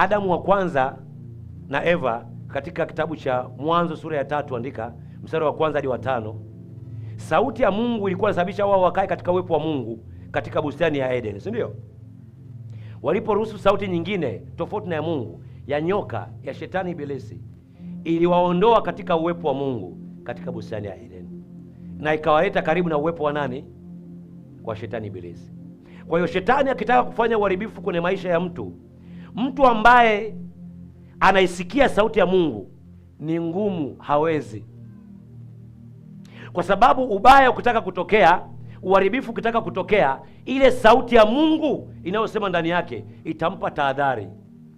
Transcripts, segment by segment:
Adamu wa kwanza na Eva katika kitabu cha Mwanzo sura ya tatu andika mstari wa kwanza hadi wa tano. Sauti ya Mungu ilikuwa inasababisha wao wakae katika uwepo wa Mungu katika bustani ya Eden, si ndio? Waliporuhusu sauti nyingine tofauti na ya Mungu, ya nyoka, ya shetani Ibilisi, iliwaondoa katika uwepo wa Mungu katika bustani ya Eden na ikawaleta karibu na uwepo wa nani? Kwa shetani Ibilisi. Kwa hiyo shetani akitaka kufanya uharibifu kwenye maisha ya mtu Mtu ambaye anaisikia sauti ya Mungu ni ngumu, hawezi, kwa sababu ubaya ukitaka kutokea, uharibifu ukitaka kutokea, ile sauti ya Mungu inayosema ndani yake itampa tahadhari,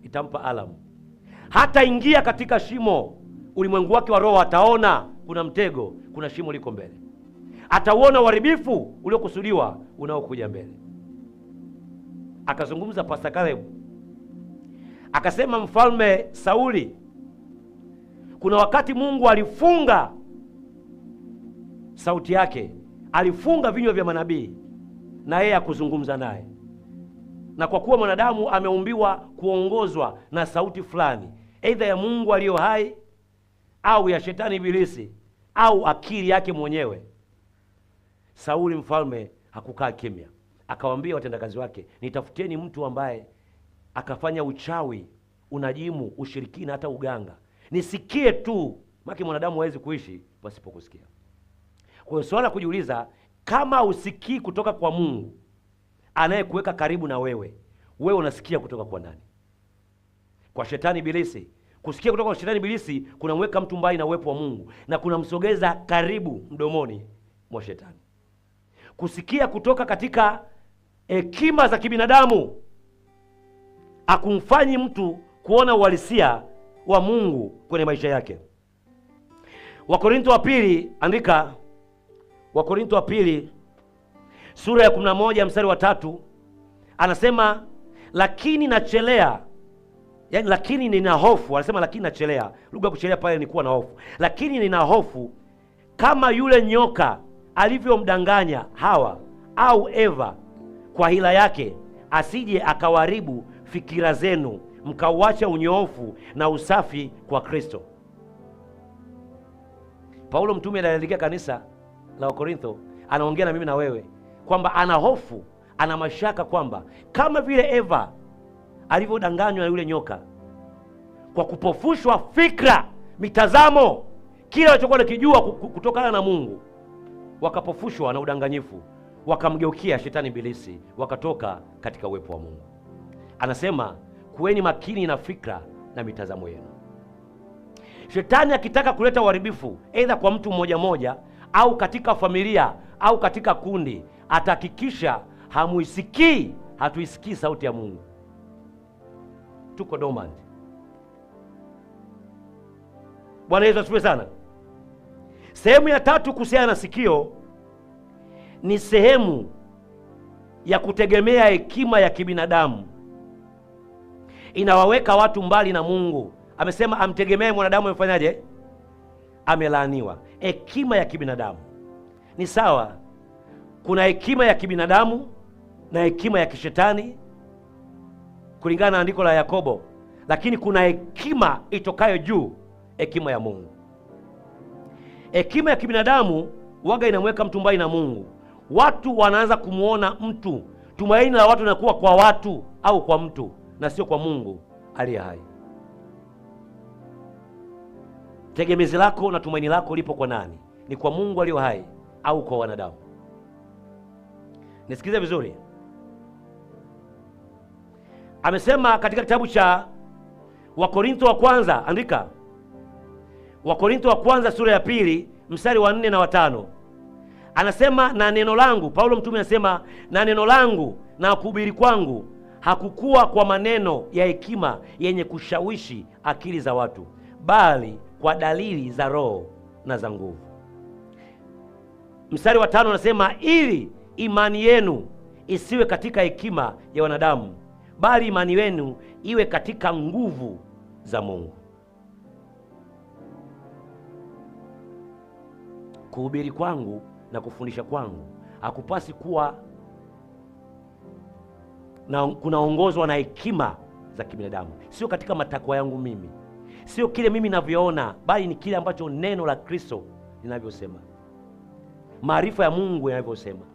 itampa alamu. Hata ingia katika shimo, ulimwengu wake wa roho ataona kuna mtego, kuna shimo liko mbele, atauona uharibifu uliokusudiwa unaokuja mbele. Akazungumza Pastor Caleb Akasema mfalme Sauli, kuna wakati Mungu alifunga sauti yake, alifunga vinywa vya manabii na yeye akuzungumza naye, na kwa kuwa mwanadamu ameumbiwa kuongozwa na sauti fulani, aidha ya Mungu aliyo hai au ya shetani ibilisi au akili yake mwenyewe. Sauli mfalme hakukaa kimya, akawaambia watendakazi wake, nitafuteni mtu ambaye akafanya uchawi, unajimu, ushirikina, hata uganga. Nisikie tu, maki mwanadamu hawezi kuishi pasipo kusikia. Kwa hiyo swala kujiuliza, kama usikii kutoka kwa Mungu anayekuweka karibu na wewe, wewe unasikia kutoka kwa nani? Kwa shetani ibilisi. Kusikia kutoka kwa shetani ibilisi kunamweka mtu mbali na uwepo wa Mungu na kunamsogeza karibu mdomoni mwa shetani. Kusikia kutoka katika hekima za kibinadamu akumfanyi mtu kuona uhalisia wa Mungu kwenye maisha yake. Wakorinto wa pili, andika Wakorinto wa pili sura ya 11 mstari wa tatu anasema lakini nachelea Yani, lakini nina hofu. Anasema lakini nachelea, lugha ya kuchelea pale ni kuwa na hofu. Lakini nina hofu kama yule nyoka alivyomdanganya Hawa au Eva kwa hila yake, asije akawaribu fikira zenu, mkauacha unyoofu na usafi kwa Kristo. Paulo mtume anaandikia kanisa la Wakorintho, anaongea na mimi na wewe kwamba ana hofu, ana mashaka kwamba kama vile Eva alivyodanganywa na yule nyoka kwa kupofushwa fikra, mitazamo, kile walichokuwa nakijua kutokana na Mungu, wakapofushwa na udanganyifu, wakamgeukia shetani bilisi, wakatoka katika uwepo wa Mungu anasema kuweni makini na fikra na mitazamo yenu. Shetani akitaka kuleta uharibifu aidha kwa mtu mmoja mmoja au katika familia au katika kundi, atahakikisha hamuisikii, hatuisikii sauti ya Mungu, tuko dormant. Bwana Yesu asifiwe sana. Sehemu ya tatu kuhusiana na sikio ni sehemu ya kutegemea hekima ya kibinadamu inawaweka watu mbali na Mungu. Amesema amtegemee mwanadamu amefanyaje? Amelaaniwa. Hekima ya kibinadamu ni sawa, kuna hekima ya kibinadamu na hekima ya kishetani kulingana na andiko la Yakobo, lakini kuna hekima itokayo juu, hekima ya Mungu. Hekima ya kibinadamu waga inamweka mtu mbali na Mungu, watu wanaanza kumwona mtu, tumaini la watu linakuwa kwa watu au kwa mtu na sio kwa Mungu aliye hai. Tegemezi lako na tumaini lako lipo kwa nani? Ni kwa Mungu aliye hai au kwa wanadamu? Nisikilize vizuri. Amesema katika kitabu cha Wakorintho wa kwanza, andika Wakorintho wa kwanza sura ya pili mstari wa nne na watano anasema, na neno langu Paulo mtume anasema, na neno langu na kuhubiri kwangu hakukuwa kwa maneno ya hekima yenye kushawishi akili za watu, bali kwa dalili za Roho na za nguvu. Mstari wa tano unasema ili imani yenu isiwe katika hekima ya wanadamu, bali imani yenu iwe katika nguvu za Mungu. Kuhubiri kwangu na kufundisha kwangu hakupasi kuwa na kunaongozwa na hekima za kibinadamu, sio katika matakwa yangu mimi, sio kile mimi navyoona, bali ni kile ambacho neno la Kristo linavyosema, maarifa ya Mungu yanavyosema.